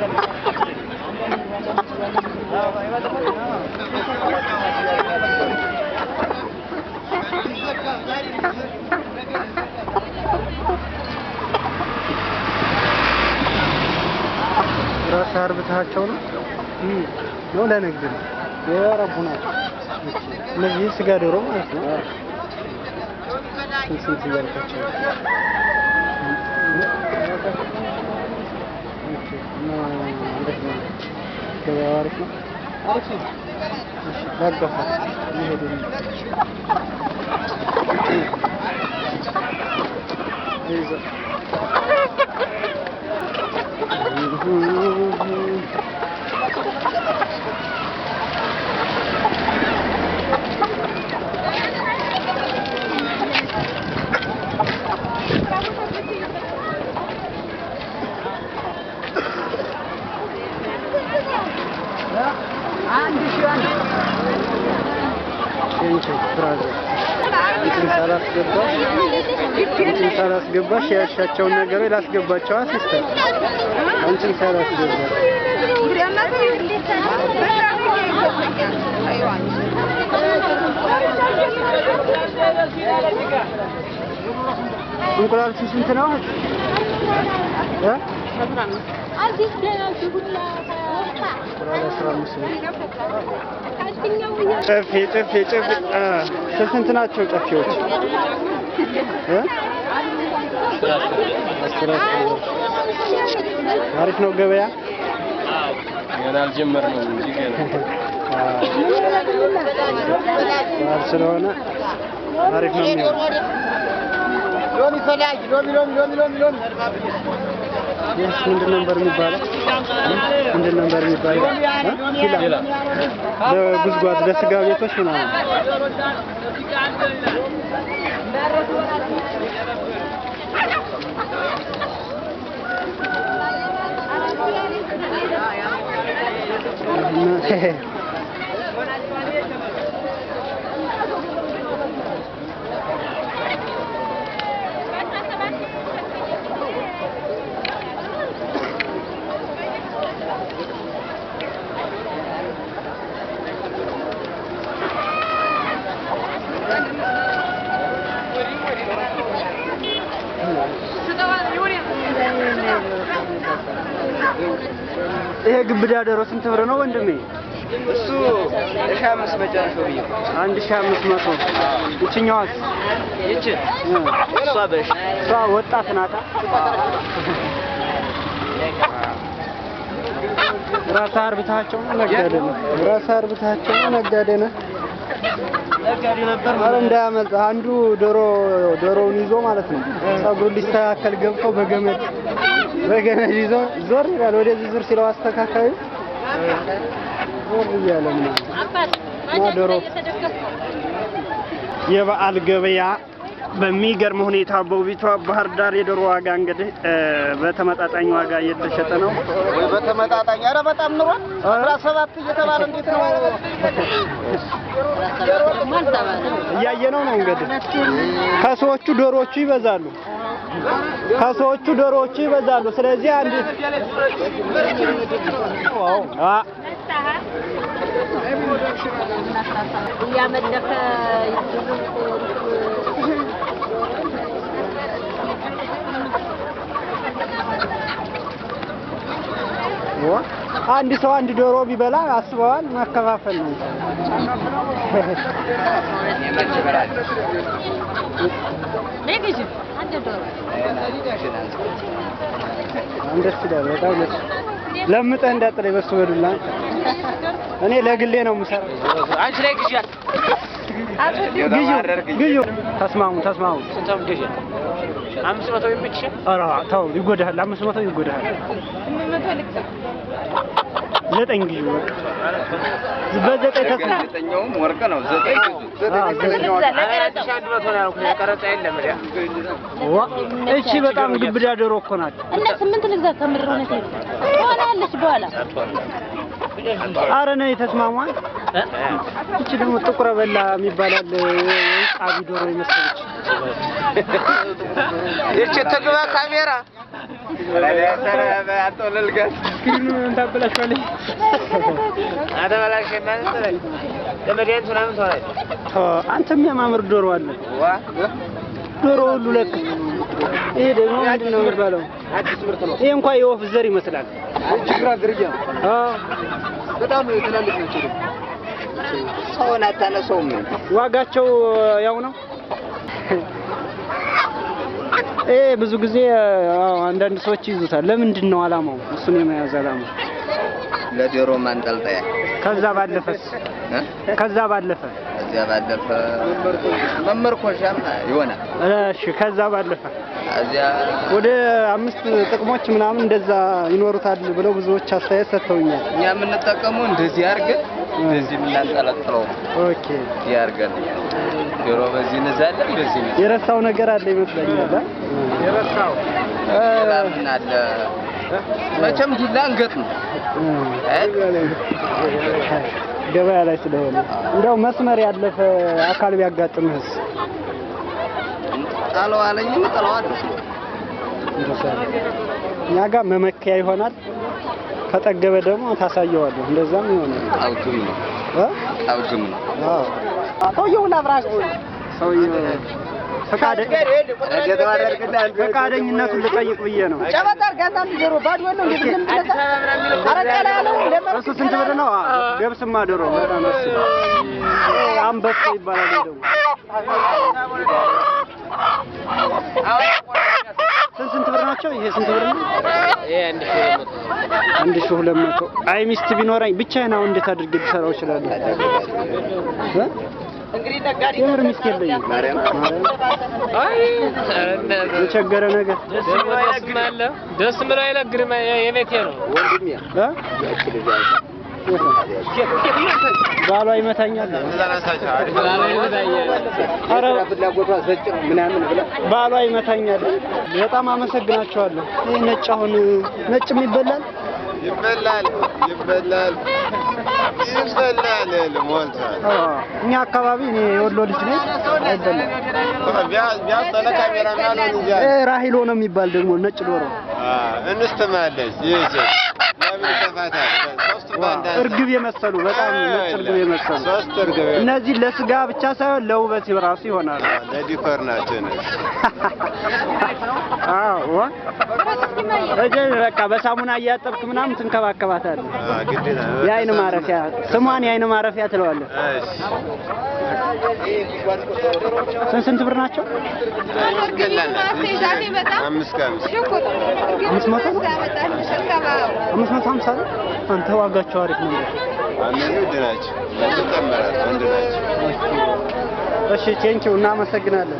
ራስ አርብታቸው ነው ነው ለንግድ ነው የረቡ ናቸው። እነዚህ ስጋ ዶሮ ማለት ነው። ስንት እያልካቸው تبارك لا تقفل Thank you. አንቺን ሳላስገባሽ ያሻቸውን ነገር ላስገባቸው ሲስተር አንቺን ሳላስገባሽ እንቁላል ስንት ነው? እ ስንት ናቸው ጨፌዎች? አሪፍ ነው ገበያ። ገና አልጀመርንም እንጂ ገና ስለሆነ አሪፍ ነው የሚሆነው። ሎሚ ፈላጊ ሎሚ ሎሚ ሎሚ ሎሚ ይህ ምንድን ነበር የሚባለው? ምንድን ነበር የሚባለው? ለጉዝጓዝ ለስጋ ቤቶች ምናምን ይሄ ግብዳ ዶሮ ስንት ብር ነው ወንድሜ? እሱ ሺህ አምስት አንድ ሺህ አምስት መቶ ይችኛዋስ? ይች እሷ በሽ እሷ ወጣት ናታ። ራስህ አርብታቸው ነው ነጋዴ ነው። ራስህ አርብታቸው ነጋዴ ነው። እንዳያመልጥ አንዱ ዶሮ ዶሮውን ይዞ ማለት ነው ፀጉሩን ሊስተካከል ገብቶ በገመድ በገና ይዞ ዞር ይላል። ወደዚህ ዙር ሲለው አስተካካዩ ዞር እያለ ነው የበዓል ገበያ በሚገርም ሁኔታ በውቢቷ ባህር ዳር የዶሮ ዋጋ እንግዲህ በተመጣጣኝ ዋጋ እየተሸጠ ነው። ወይ በተመጣጣኝ ኧረ በጣም ኑሯል። አስራ ሰባት እየተባለ እንዴት ነው እያየ ነው ነው እንግዲህ ከሰዎቹ ዶሮዎቹ ይበዛሉ። ከሰዎቹ ዶሮዎቹ ይበዛሉ። ስለዚህ አንድ አንድ ሰው አንድ ዶሮ ቢበላ አስበዋል። ማከፋፈል ነው። ለምጠ እንዳጥለኝ በሱ በዱላ እኔ ለግሌ ነው የምሰራው። አንቺ ላይ ግዣት ግዢ። ተስማሙ ተስማሙ። አምስት መቶ ይጎዳሃል። አምስት መቶ ይጎዳሃል። ዘጠኝ ግዢ ወርቅ በዘጠኝ ተስና ዘጠኛውም ወርቅ ነው። ዘጠኝ በጣም ግብዳ ዶሮ እኮ ናት እና ስምንት ልግዛት ከምድር ሆነች በኋላ በኋላ አረ ነው የተስማሟል። እቺ ደግሞ ጥቁረ በላ የሚባላል አቃቢ ዶሮ የመሰለች ይቺ ትግባ ካሜራ አንተ የሚያማምር ዶሮ አለ። ዶሮ ሁሉ ለክ። ይሄ ደግሞ ምንድን ነው የሚባለው? ይሄ እንኳን የወፍ ዘር ይመስላል። በጣም ትላልቅ ናቸው። ሰውን አታነሰውም። ዋጋቸው ያው ነው። ይሄ ብዙ ጊዜ አንዳንድ ሰዎች ይዙታል። ለምንድን ነው አላማው? እሱን የመያዝ አላማው ለጆሮ ማንጠልጠያ። ከዛ ባለፈስ? ከዛ ባለፈ ከዛ ባለፈ መመርኮሻም ይሆናል። እሺ፣ ከዛ ባለፈ ወደ አምስት ጥቅሞች ምናምን እንደዛ ይኖሩታል ብለው ብዙዎች አስተያየት ሰጥተውኛል። እኛ የምንጠቀመው እንደዚህ አድርገን በዚህ የምናንጠለጥለው ኦኬ ያርገን በዚህ በዚህ ነው የረሳው ነገር አለ ይመስለኛል። የረሳው ምን አለ መቼም አንገት ነው ገበያ ላይ ስለሆነ እንደው መስመር ያለፈ አካል ቢያጋጥምህስ? ጣለው አለኝ ጣለው አለ እኛ ጋር መመከያ ይሆናል። ከጠገበ ደግሞ ታሳየዋለሁ። እንደዛም ይሆነ ቀብድም ነው ቀብድም ነው። ሰውየውን አብራቅ ሰውየው ፈቃደኝነቱን ልጠይቅ ብዬ ነው። ጨበጣር ጋዛ ባድወ ነው እሱ ስንት ብር ነው? ገብስ ማደሮ አንበሳ ይባላል ደግሞ ናቸው። ይሄ ስንት ብር ነው? አንድ ሺህ ሁለት መቶ አይ ሚስት ቢኖረኝ ብቻዬን አሁን እንዴት አድርጌ ልሰራው እችላለሁ? የምር ሚስት የለኝም። የቸገረ ነገር ደስ ምን አይለ የቤቴ ነው ወንድሜ ባሏ ይመታኛል፣ ባሏ ይመታኛል። በጣም አመሰግናቸዋለሁ። ይህ ነጭ አሁን ነጭም ይበላል ይበላል ይበላል ይበላል። እኛ አካባቢ እኔ የወሎ ልጅ ነኝ። አይበላም። ቢያንስ ራሂሎ ነው የሚባል ደግሞ ነጭ ዶሮ እንስትማለች ይህ እርግብ የመሰሉ በጣም እርግብ የመሰሉ እነዚህ ለስጋ ብቻ ሳይሆን ለውበት ራሱ ይሆናሉ። ለዲፐር ናቸው። አዎ እጅን በቃ በሳሙና እያጠብክ ምናምን ትንከባከባታለህ። የአይን ማረፊያ ስሟን የአይን ማረፊያ ትለዋለህ። ስንት ስንት ብር ናቸው? አምስት መቶ አምስት መቶ ሀምሳ ነው። አንተ ዋጋቸው አሪፍ ነው። እሺ ቴንኪው፣ እናመሰግናለን።